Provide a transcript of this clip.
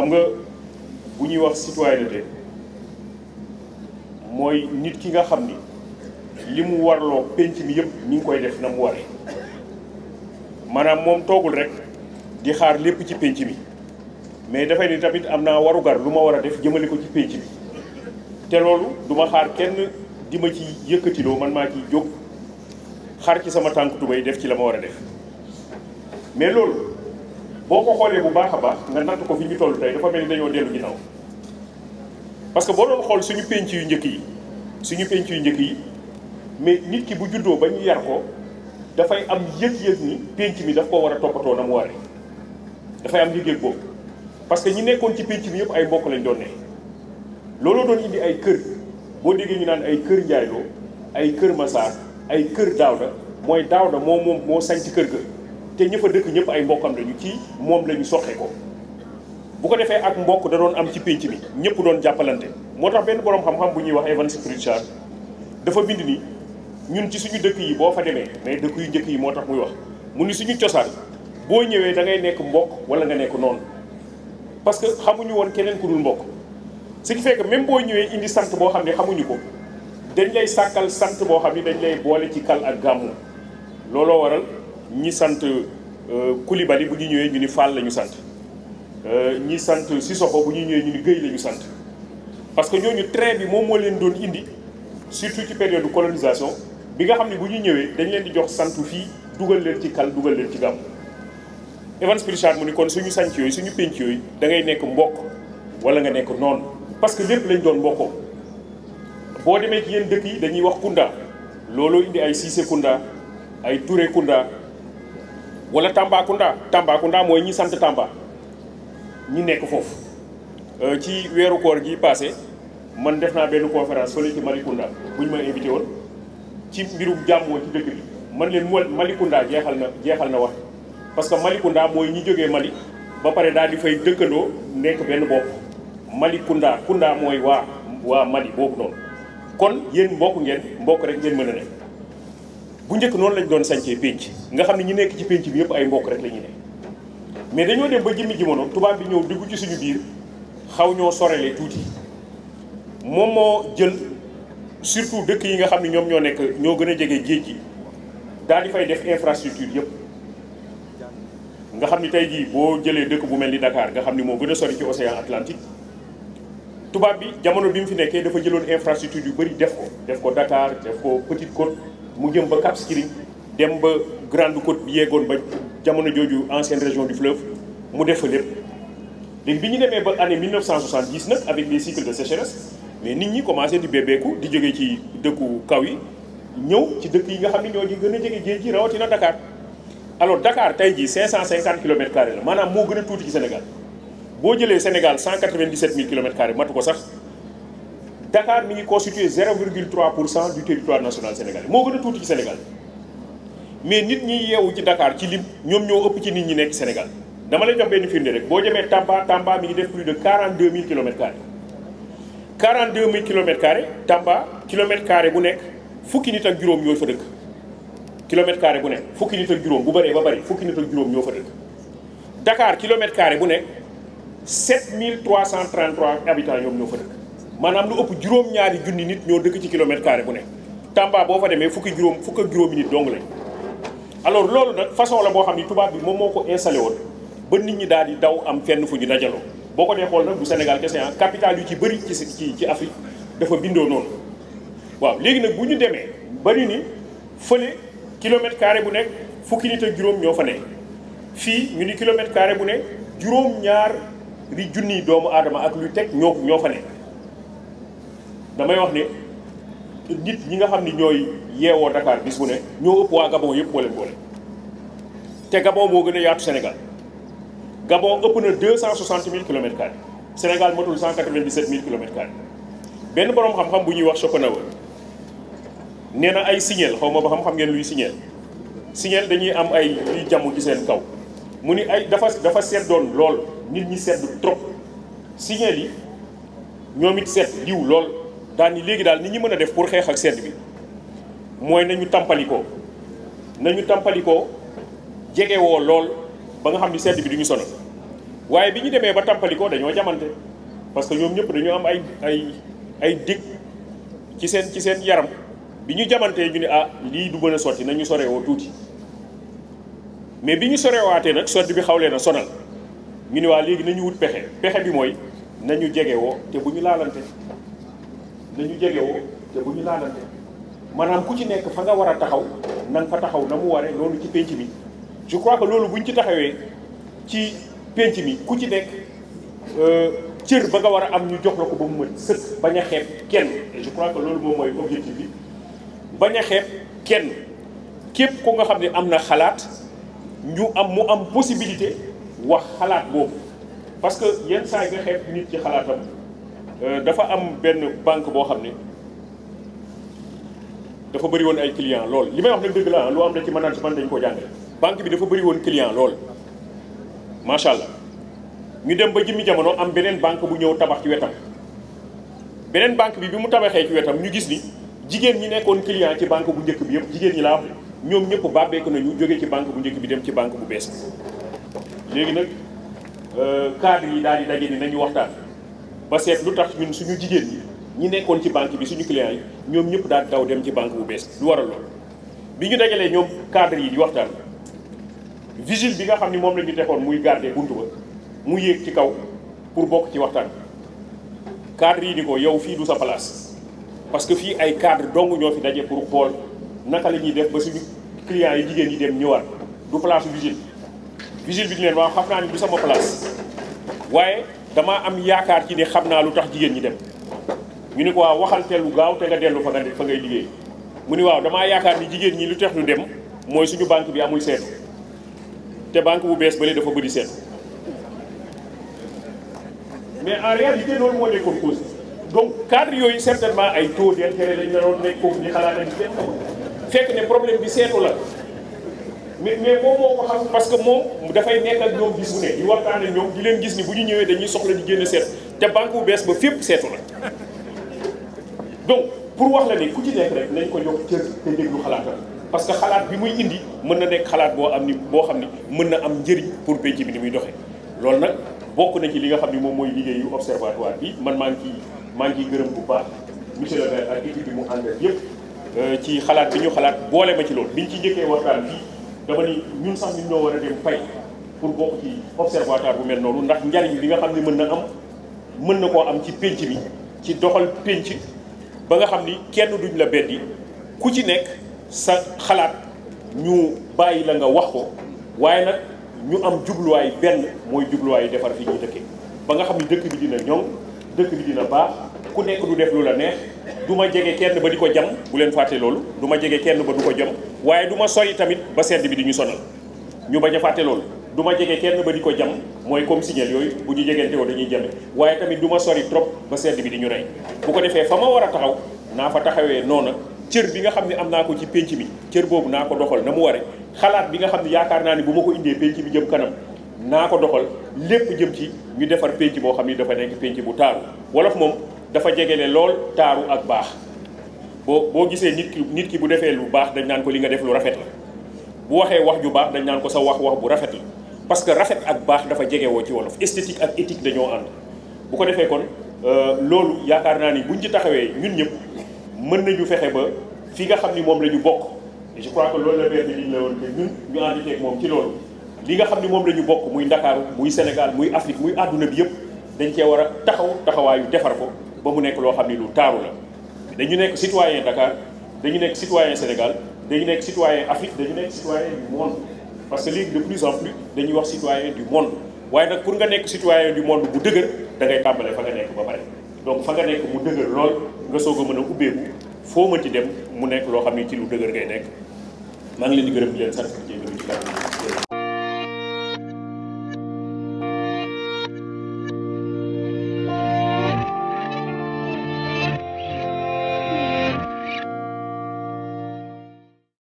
xam nga bu ñuy wax citoyenneté mooy nit ki nga xam ni li mu warloo penc mi yëpp mi ngi koy def na mu waree maanaam moom toogul rek di xaar lépp ci penc mi mais dafay ni tamit am naa warugar lu ma war a def jëmale ko ci penc mi te loolu duma xaar kenn di ma ci yëkkatiloo man maa ci jóg xar ci sama tànk tubay def ci la ma war a def mais loolu boo ko xoolee bu baax a baax nga natt ko fi ñu toll tey dafa mel ni dañoo dellu ginnaaw parce que boo doon xool suñu penc yu njëkk yi suñu pénc yu njëkk yi mais nit ki bu juddoo ba ñu yar ko dafay am yëg-yëg ni penc mi daf koo war a toppatoo na mu waree dafay am yëg-yëg boobu parce que ñi nekkoon ci penc mi yëpp ay mbokk lañ doon ne looloo doon indi ay kër boo déggee ñu naan ay kër njaayloo ay kër masaar ay kër da mooy daawda moo moom moo sañ ci kër ga te ñëfa dëkk ñëpp ay mbokkam lañu ci moom la ñu soxee ko bu ko defee ak mbokk da doon am ci pénc mi ñëpp doon jàppalante moo tax benn boroom xam-xam bu ñuy wax Evans Pritchard dafa bind ni ñun ci suñu dëkk yi boo fa demee mais dëkk yu njëkk yi moo tax muy wax mu ni suñu cosaan boo ñëwee dangay nekk mbokk wala nga nekk noonu parce que xamuñu woon keneen ku dul mbokk ce fekk fait même boo ñëwee indi sant boo xam ne xamuñu ko dañ lay sàkkal sant boo xam ne dañ lay boole ci kal ak gàmmu looloo waral ñi sant euh, Koulibaly bu ñu ñëwee ñu ni Fall la ñu sant euh, ñi sant Sissoko bu ñuy ñëwee ñu ni Guèye la sant parce que ñooñu train bi moom moo leen doon indi surtout ci période de colonisation bi nga xam ne bu ñuy ñëwee dañ leen di jox santu fii dugal leen ci kal dugal leen ci gàmm Evans Pritchard mu ni kon suñu sanc yooyu suñu penc yooyu dangay nekk mbokk wala nga nekk noonu parce que lépp lañ doon mbokkoo boo demee ci yéen dëkk yi dañuy wax kunda looloo indi ay Cissé kunda ay Touré wala Tambacounda Tambacounda mooy ñi sant Tamba ñi nekk foofu euh, ci weeru koor gi passé man def naa benn conférence fële ci Malicounda bu ñu ma invité woon ci mbirum jàmmoo ci dëkk bi man leen mu Malicounda jeexal na jeexal na wax parce que Malicounda mooy ñi jógee Mali ba pare daal di fay dëkkandoo nekk benn bopp Malicounda Kounda mooy waa waa Mali boobu noonu kon yéen mbokk ngeen mbokk rek ngeen mën a ne bu njëkk noonu lañu doon sancee pénc nga xam ne ñi nekk ci pénc bi yëpp ay mbokk rek la ñuy ne mais dañoo dem ba jëmmi jamono tubaab bi ñëw dugg ci suñu biir xaw ñoo sorelee tuuti moom moo jël surtout dëkk yi nga xam ne ñoom ñoo nekk ñoo gën a jege géej gi daal di fay def infrastructure yëpp nga xam ni tey jii boo jëlee dëkk bu mel ni Dakar nga xam ni moo gën a sori ci océan Atlantique tubaab bi jamono bi mu fi nekkee dafa jëloon infrastructure yu bëri def ko def ko Dakar def ko Petite Côte mu jëm ba Cap Skirring dem ba Grande Côte bi yeegoon ba jamono jooju ancienne région du fleuve mu def fa lépp léegi bi ñu demee ba année 1970 nag avec les cycles de sécheresse mais nit ñi commencé di bébeeku di jóge ci dëkku kaw yi ñëw ci dëkk yi nga xam ne ñoo ji gën a jege géej gi rawatina Dakar alors Dakar tey jii 550 kilomètres carrés la maanaam moo gën a tuuti ci Sénégal boo jëlee Sénégal 197 000 kilomètres carrés matu ko sax. Dakar mi ngi constitué 0,3 pour cent du territoire national sénégalais moo gën a tuuti ci Sénégal mais nit ñi yeewu ci dakaar ci lim ñoom ñoo ëpp ci nit ñi nekk Sénégal dama la jox benn firnde rek boo demee Tamba Tamba mi ngi def plus de 42 000 kilomètres carrés 42 000 kilomètres carrés kilomètre carré bu nekk fukki nit ak juróom ñooy fa dëkk kilomètre carré bu nekk fukki nit ak juróom bu bëree ba bëri fukki nit ak juróom ñoo fa dëkk Dakar kilomètre carré bu nekk 7333 habitants ñoom ñoo fa dëkk. maanaam lu ëpp juróom-ñaari junni nit ñoo dëkk ci kilomètre carré bu ne Tamba boo fa demee fukki juróom fukk ak juróomi nit dong lañ alors loolu nag façon la boo xam ni tubaab bi moom moo ko installé woon ba nit ñi daal di daw am fenn fu ñu dajaloo boo ko dee xool nag bu Sénégal kese ah capital yu ci bëri ci ci ci Afrique dafa bindoo noonu waaw léegi nag bu ñu demee bari ni fële kilomètre carré bu nekk fukki nit ak juróom ñoo fa ne fii ñu ni kilomètre bu ne juróom-ñaar junni doomu aadama ak luy teg ñoo ñoo fa ne damay wax ni nit ñi nga xam ne ñooy yeewoo Dakar bis bu ne ñoo ëpp waa Gabon yëpp boole boole te Gabon moo gën a yaatu Sénégal Gabon ëpp na deux cent soixante mille kilomètres carrés Sénégal matul cent quatre-vingt-dix-sept mille benn borom xam-xam bu ñuy wax Schopenhauer nee na ay signal xaw ma ba xam xam ngeen luy signal signal dañuy am ay luy jàmm ci seen kaw mu ni ay dafa dafa seddoon lool nit ñi sedd trop signal yi ñoom it sedd diw lool. daan ni léegi daal ni ñu mën a def pour xeex ak sedd bi mooy nañu tàmpalikoo nañu tàmpalikoo jege woo lool ba nga xam ni sedd bi du ñu sonal waaye bi ñu demee ba tàmpalikoo dañoo jamante parce que ñoom ñëpp dañoo am ay ay ay dig ci seen ci seen yaram bi ñu jamantee ñu ne ah lii du mën a sotti nañu sorewoo tuuti mais bi ñu sorewaatee nag sedd bi xaw leen a sonal ñu ne waa léegi nañu wut pexe pexe bi mooy nañu jegewoo te bu ñu laalante nañu jegewoo te bu ñu laalante maanaam ku ci nekk fa nga war a taxaw na fa taxaw na mu waree loolu ci penc mi je crois que loolu bu ñu ci taxawee ci penc mi ku ci nekk euh, cër ba nga war a am ñu jox la ko ba mu mën sëkk bañ a xeeb kenn et je crois que loolu moom mooy objectif bi bañ a xeeb kenn képp ku nga xam ne am na xalaat ñu am mu am possibilité wax xalaat boobu parce que yenn saa yi nga xeeb nit ci xalaatam Euh, dafa am benn banque boo xam ne dafa bëri woon ay client lool li may wax na dëgg la lu am na ci management dañu koo jàngale banque bi dafa bariwoon woon client lool macha allah ñu dem ba jimmi jamono am beneen banque bu ñëw tabax ci wetam beneen banque bi bi mu tabaxee ci wetam ñu gis ni jigéen ñi nekkoon client ci banque bu njëkk bi yëpp jigéen ñi laa wax ñoom ñëpp bàbbeeku nañu jógee ci banque bu njëkk bi dem ci banque bu bees bi léegi nag euh, cadre yi daal di daje ni nañu waxtaan ba seet lu tax ñun suñu jigéen ñi ñi nekkoon ci banque bi suñu client yi ñoom ñëpp daal daw dem ci banque bu bees lu waral loolu bi ñu dajalee ñoom cadre yi di waxtaan vigile bi nga xam ni moom la ñu defoon muy garder buntu ba mu yéeg ci kaw pour bokk ci waxtaan cadre yi ni ko yow fii du sa place parce que fii ay cadre dong ñoo fi daje pour xool naka la ñuy def ba suñu client yi jigéen ñi dem ñëwaat du place vigile bi di leen waaw xam naa ni du sama place waaye damaa am yaakaar ci ne xam naa lu tax jigéen ñi dem ñu ni ko waaw waxal te lu gaaw te nga dellu fa nga fa ngay liggéey mu ni waaw damaa yaakaar ni jigéen ñi lu tax ñu dem mooy suñu banque bi amul seetu te banque bu bees ba bële dafa bëri seetu mais en réalité loolu moo nekkoon cause donc cadre yooyu certainement ay taux d'intérêt lañ la doon nekk foofu ñu xalaat ak fekk ne problème bi seetu la. mais mais moom moo ko xam parce que moom dafay nekk ak ñoom bis bu ne di waxtaan ak ñoom di leen gis ni bu ñu ñëwee dañuy soxla di génn seet te banque bu bees ba fépp seetu la donc pour wax la ne ku ci nekk rek nañ ko yokk cër te déglu xalaatam parce que xalaat bi muy indi mën na nekk xalaat boo am ni boo xam ne mën na am njëriñ pour pénc bi ni muy doxee loolu nag bokk na ci li nga xam ni moom mooy liggéeyu observatoire bi man maa ngi ciy maa ngi ciy gërëm bu baax monsieur le bi mu àndal yëpp euh, ci xalaat bi ñu xalaat boole ma ci loolu biñ ci njëkkee waxtaan fii dama ni ñun sax ñun ñoo war a dem fay pour bokk ci observatoire bu mel noonu ndax njariñ li nga xam ne mën na am mën na koo am ci pénc bi ci doxal pénc ba nga xam ni kenn duñ la beddi ku ci nekk sa xalaat ñu bàyyi la nga wax ko waaye nag ñu am jubluwaay benn mooy jubluwaay defar fi ñuy dëkkee ba nga xam ni dëkk bi dina ñoŋ dëkk bi dina baax ku nekk du def lu la neex du ma jege kenn ba di ko jam bu leen fàtte loolu du ma jege kenn ba du ko jam waaye duma ma sori tamit ba sedd bi di ñu sonal ñu bañ a fàtte loolu du ma jege kenn ba di ko jam mooy comme signal yooyu bu ñu jegante woo dañuy jame waaye tamit du ma sori trop ba sedd bi di ñu rey bu ko defee fa ma war a taxaw naa fa taxawee noona cër bi nga xam ne am naa ko ci pénc mi cër boobu naa ko doxal na mu ware xalaat bi nga xam ne yaakaar naa ne bu ma ko indee pénc bi jëm kanam naa ko doxal lépp jëm ci ñu defar pénc boo xam ni dafa nekk pénc bu taaru wolof moom dafa jegele lool taaru ak baax boo boo gisee nit ki nit ki bu defee lu baax dañ naan ko li nga def lu rafet la bu waxee wax ju baax dañ naan ko sa wax wax bu rafet la parce que rafet ak baax dafa jegewoo ci wolof esthétique ak éthique dañoo ànd bu ko defee kon euh, loolu yaakaar naa ni buñ ci taxawee ñun ñëpp mën nañu fexe ba fi nga xam ni moom la ñu bokk je crois que loolu la maire bi diñ la moom ci loolu li nga xam ni la ñu bokk muy Ndakaaru muy Sénégal muy Afrique muy àdduna bi yëpp dañ cee war a taxaw taxawaayu defar ko ba mu nekk loo xam ni lu taaru la dañu nekk citoyen Dakar dañu nekk citoyen Sénégal dañu nekk citoyen Afrique dañu nekk citoyen du monde parce que léegi de plus dañuy wax citoyen du monde waaye nag pour nga nekk citoyen du monde bu dëgër da ngay tàmbale fa nga nekk ba pare donc fa nga nekk mu dëgër lool nga soog a mën a ubbeeku foo mën ci dem mu nekk loo xam ni ci lu dëgër ngay nekk maa ngi leen di gërëm di leen sant ci